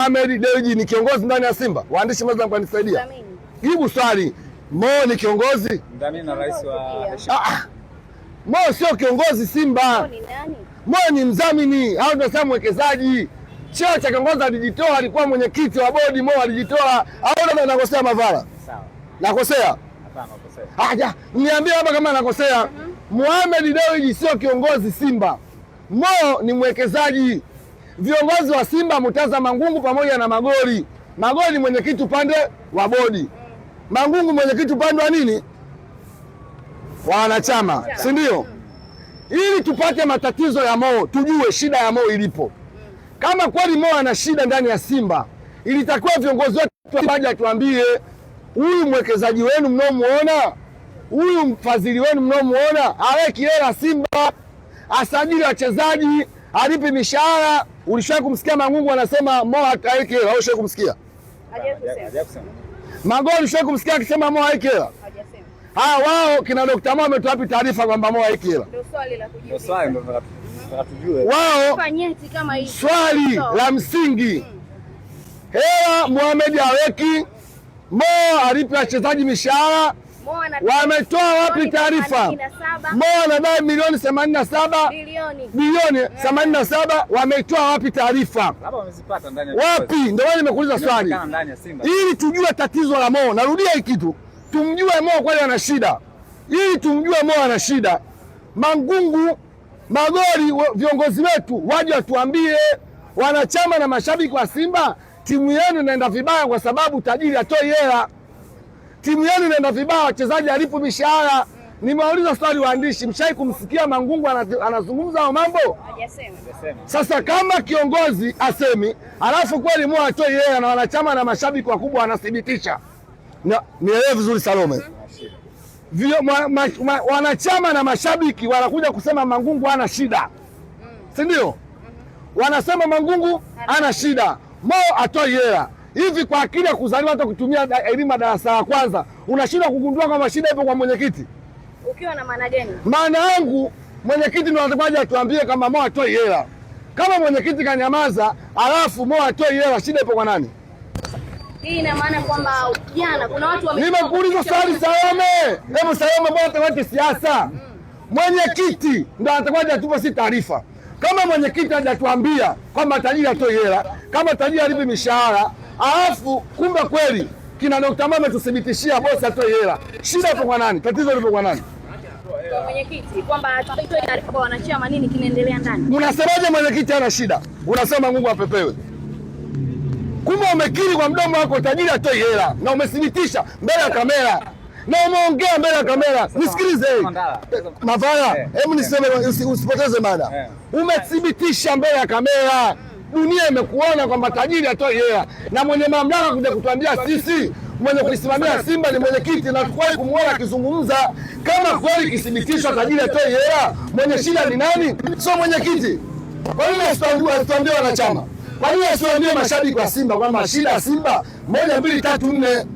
Ahmed Dewji ni kiongozi ndani ya Simba? Waandishi mnaweza mkanisaidia, jibu swali. Mo ni kiongozi ndani na rais wa ah, ah, Mo sio kiongozi Simba. Mo ni nani? Mo ni mdhamini au tunasema mwekezaji. Cheo cha kiongozi alijitoa, alikuwa mwenyekiti wa bodi. Mo alijitoa au nakosea? Mavala, sawa, nakosea? Hapana, nakosea. Aja, ah, niambie hapa kama nakosea. Mhm. Mohamed Dewji sio kiongozi Simba. Mo ni mwekezaji Viongozi wa Simba mutaza Mangungu pamoja na Magoli. Magoli mwenyekiti upande wa bodi, Mangungu mwenyekiti upande wa nini, wa wanachama, si ndio? Ili tupate matatizo ya moo tujue shida ya moo ilipo. Kama kweli Mo ana shida ndani ya Simba, ilitakiwa viongozi wetu waje atuambie, huyu mwekezaji wenu mnaomuona, huyu mfadhili wenu mnaomuona, aweki hela Simba, asajili wachezaji, alipi mishahara Ulishawahi kumsikia Mangungu anasema Mo haiki hela? Ulishawahi kumsikia Mago? Ulishawahi kumsikia akisema Mo haiki hela? Haya, wao kina Dr. Mo ametoa wapi taarifa kwamba Mo haiki hela? Wao fanyeti kama hivi. swali la msingi, hela Mohamed aweki, Mo alipe wachezaji mishahara wametoa wapi taarifa? Mo wanadai milioni themanini na saba bilioni eh. themanini na saba wametoa wapi taarifa? Wapi? Ndio wewe nimekuuliza swali ili tujue tatizo la Mo. Narudia hii kitu, tumjue Mo kweli ana shida, ili tumjue Mo ana shida. Mangungu Magori, viongozi wetu waje watuambie wanachama na mashabiki wa Simba, timu yenu inaenda vibaya kwa sababu tajiri atoi hela timu yenu inaenda vibaya, wachezaji alipo mishahara. Nimewauliza swali waandishi, mshai kumsikia Mangungu anazungumza hayo mambo? Hajasema. Sasa kama kiongozi asemi, alafu kweli mwa atoe yeye na wanachama na mashabiki wakubwa wanathibitisha, nielewe vizuri Salome, Vio, ma, ma, ma, wanachama na mashabiki wanakuja kusema Mangungu ana shida, mm. si ndio? Mm-hmm. Wanasema Mangungu ana shida, Mo atoe hela hivi kwa akili ya kuzaliwa hata kutumia elimu darasa la kwanza unashindwa kugundua kwamba shida ipo kwa mwenyekiti? Ukiwa na maana gani? Maana yangu mwenyekiti ndio anatakiwa atuambie kama Mo atoi hela. Kama mwenyekiti kanyamaza, alafu Mo atoi hela, shida ipo kwa nani? Hii ina maana kwamba jana kuna watu wame Nimekuuliza swali Salome. Hebu Salome bwana tawati siasa. Mm. Mwenyekiti ndio anatakiwa atupe si taarifa. Kama mwenyekiti hajatuambia kwamba tajiri atoi hela, kama tajiri alipi mishahara, alafu kumbe kweli kina Dr. Mame tuthibitishia bosi atoe hela. Shida ipo kwa nani? Tatizo lipo kwa nani? Mwenyekiti kwamba tutoe taarifa kwa wanachama nini kinaendelea ndani. Unasemaje mwenyekiti ana shida? Unasema Mungu apepewe. Kumbe umekiri kwa mdomo wako tajiri atoe hela na umethibitisha mbele ya kamera. Na umeongea mbele ya kamera. Nisikilize. Mavala, hebu niseme usipoteze mada. Eh. Umethibitisha mbele ya kamera dunia imekuona kwamba tajiri atoe hela na mwenye mamlaka kuja kutuambia sisi mwenye kuisimamia Simba ni mwenyekiti, na tukuwahi kumwona akizungumza. Kama kweli ikithibitishwa tajiri atoe hela, mwenye shida ni nani? Sio mwenyekiti. Kwa nini asituambie wanachama? Kwa nini asiwaambie mashabiki wa Simba kwamba shida ya Simba moja, mbili, tatu, nne?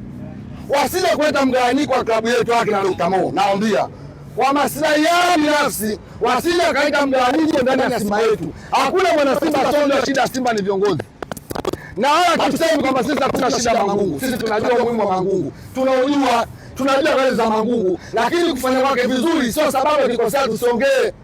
Wasije kuleta mgawanyiko wa klabu yetu, akina dokta Mo, naambia kwa maslahi yao binafsi, wasije kaita mgawanyiko ndani ya Simba yetu. Hakuna mwana Simba sonda, shida Simba ni viongozi na wala hatusemi kwamba sisi hatuna shida Mangungu. Sisi tunajua umuhimu wa Mangungu, tunaujua, tunajua kazi za Mangungu, lakini kufanya kwake vizuri sio sababu ya kikosea tusongee.